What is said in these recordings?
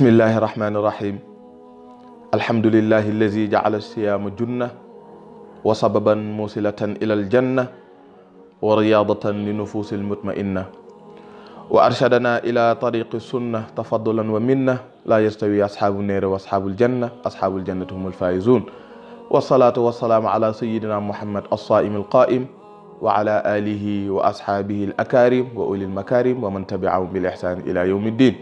بسم الله الرحمن الرحيم الحمد لله الذي جعل الصيام جنة وسببا موصلة إلى الجنة ورياضة لنفوس المطمئنة وأرشدنا إلى طريق السنة تفضلا ومنة لا يستوي أصحاب النار وأصحاب الجنة أصحاب الجنة هم الفائزون والصلاة والسلام على سيدنا محمد الصائم القائم وعلى آله وأصحابه الأكارم وأولي المكارم ومن تبعهم بالإحسان إلى يوم الدين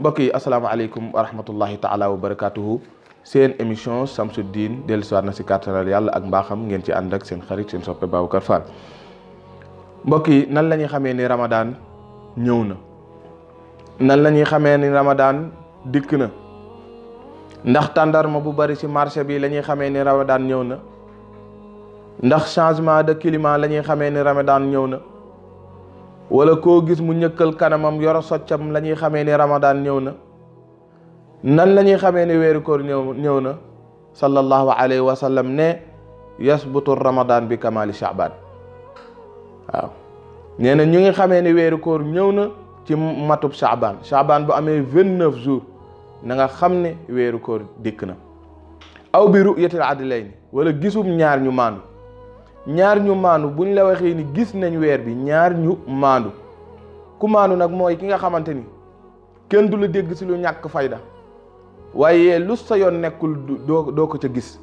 mbokk yi asalaamaaleykum wa rahmatullahi taala wa barakaatuhu seen émission Samsuddiin dellusiwaat na si kàttanal yàlla ak mbaaxam ngeen ci ànd ak seen xarit seen soppe Babacar Fall mbokk yi nan la ñuy xamee ni Ramadan ñëw na nan la ñuy xamee ni Ramadan dikk na ndax tàndarma bu bari si marché bi la ñuy xamee ni Ramadan ñëw na ndax changement de climat la ñuy xamee ni Ramadan ñëw na. wala koo gis mu ñëkkal kanamam yoro soccam la ñuy xamee ni ramadaan ñëw na nan la ñuy xamee ni weeru koor ñëw ñëw na sallallahu alayhi wa sallam ne yasbutu ramadaan bi kamali shaabaan waaw nee na ñu ngi xamee ni weeru koor ñëw na ci matub shaabaan shaabaan bu amee vingt-neuf jours na nga xam ne weeru koor dikk na aw bi ru'yatil adlayni wala gisum ñaar ñu maandu ñaar ñu maandu buñ la waxee ni gis nañ weer bi ñaar ñu maandu ku maandu nag mooy ki nga xamante ni kenn du la dégg si lu ñàkk fayda waaye lu sa yoon nekkul doo ko ca gis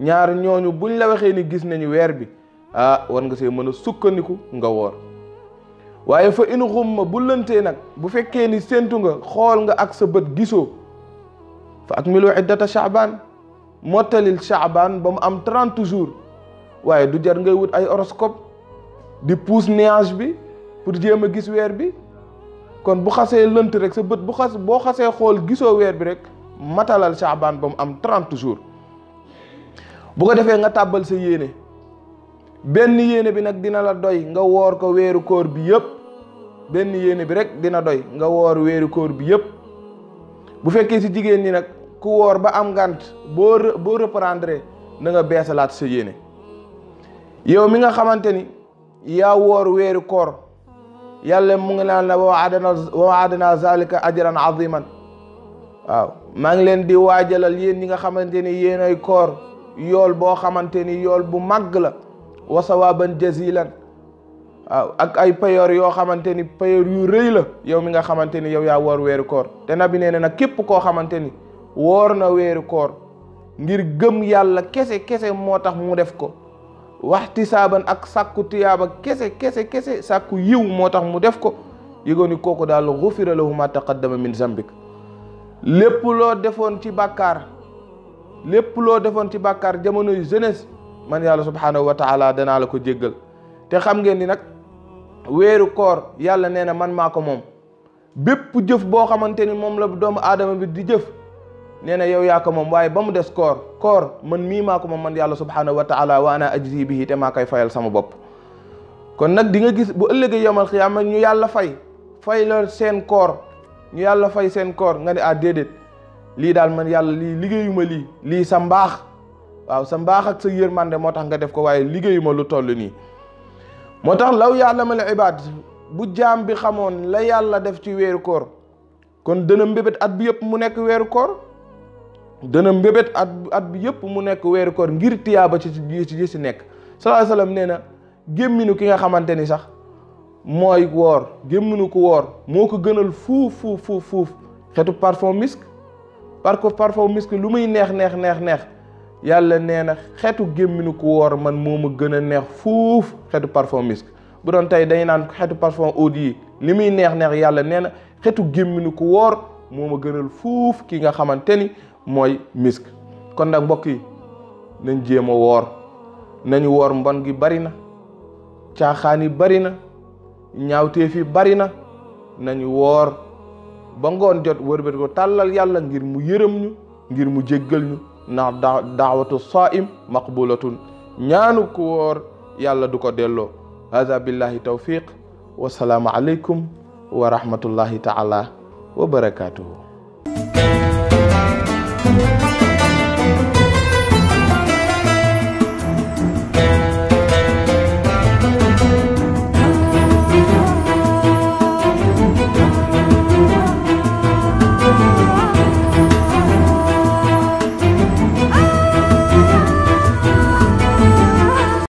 ñaar ñooñu buñ la waxee ni gis nañu weer bi ah war nga see mën a sukkandiku nga woor waaye fa in xumma bu lëntee nag bu fekkee ni seentu nga xool nga ak sa bët gisoo fa ak milu iddata chaabaan mottalil chaabaan ba mu am trent jours waye du jar ngay wut ay horoscope di pousse nuage bi pour djema gis bi kon bu xasse leunt rek sa beut bu xas bo xasse xol giso weer bi rek matalal chaban bam am 30 jours bu ko defé nga tabal sa yene ben yene bi nak dina la doy nga wor ko weru koor bi yëpp ben yene bi rek dina doy nga wor weru koor bi bu fekkee ci jigen ni nak ku wor ba am gant bor bo reprendre na nga bessalat sa yene yow mi nga xamanteni ya wor wer kor yalla mu ngi lan la wa adana wa zalika ajran aziman waaw ma ngi len di wajalal yeen ñi nga xamanteni ni ay koor yol boo bu mag la wa sawaban jazilan waaw ak ay payor yo xamanteni payor yu reey la yow mi nga xamanteni yow ya wor wer kor te nabi neena na kep ko xamanteni wor na wer kor ngir gem yalla kese kese motax mu def ko waxti saaban ak sàkku tiyaaba kese kese kese sàkku yiw moo tax mu def ko yëgoon ni kooku daal xufira lahu ma taqaddama min zambik lépp loo defoon ci bàkkaar lépp loo defoon ci bàkkaar jamonoy jeunesse man yàlla subhaanahu wa taala danaa la ko jéggal te xam ngeen ni nag weeru koor yàlla nee na man maa ko moom bépp jëf boo xamante ni moom la doomu aadama bi di jëf nee na yow yaa ko moom waaye ba mu des koor koor man mii maa ko man yàlla subhanahu wa taala wa ana ajzi bihi te maa koy fayal sama bopp kon nag di nga gis bu ëllëgee yomal xiyaama ñu yàlla fay fay la seen koor ñu yàlla fay seen koor nga ne ah déedéet lii daal man yàlla lii liggéeyuma lii lii sa mbaax waaw sa mbaax ak sa yërmande moo tax nga def ko waaye liggéeyuma lu toll nii moo tax law ya'lamal ibaad bu jaam bi xamoon la yàlla def ci weeru koor kon dana mbébét bi yëpp mu nekk weeru koor dana mbébét at at bi yëpp mu nekk weeru koor ngir tiyaaba ci ci ci nekk sallallahu nekk wa sallam nee na gémminu ki nga xamante ni sax mooy woor gémminu ko woor moo ko gënal fuuf fuuf fuuf fuuf xetu parfum misk parce que parfum misk lu muy neex neex neex neex yàlla nee na xetu gémminu ko woor man moo gën a neex fuuf xetu parfum misk doon tey day naan xetu parfum oud yi li muy neex neex yàlla nee na xetu gémminu woor moo ma gënal fuuf ki nga xamante ni mooy misk kon nag mbokk yi nañ jéem a woor nañu woor mbon gi bari na caaxaan yi bari na ñaawteef bari na nañu woor ba ngoon jot wërbet ko tàllal yàlla ngir mu yërëm ñu ngir mu jéggal ñu ndax da daawatu saim maqbulatun ñaanu ku woor yàlla du ko delloo hada billahi tawfiq wasalaamu aleykum wa rahmatullahi taala wa barakatuhu Thank you.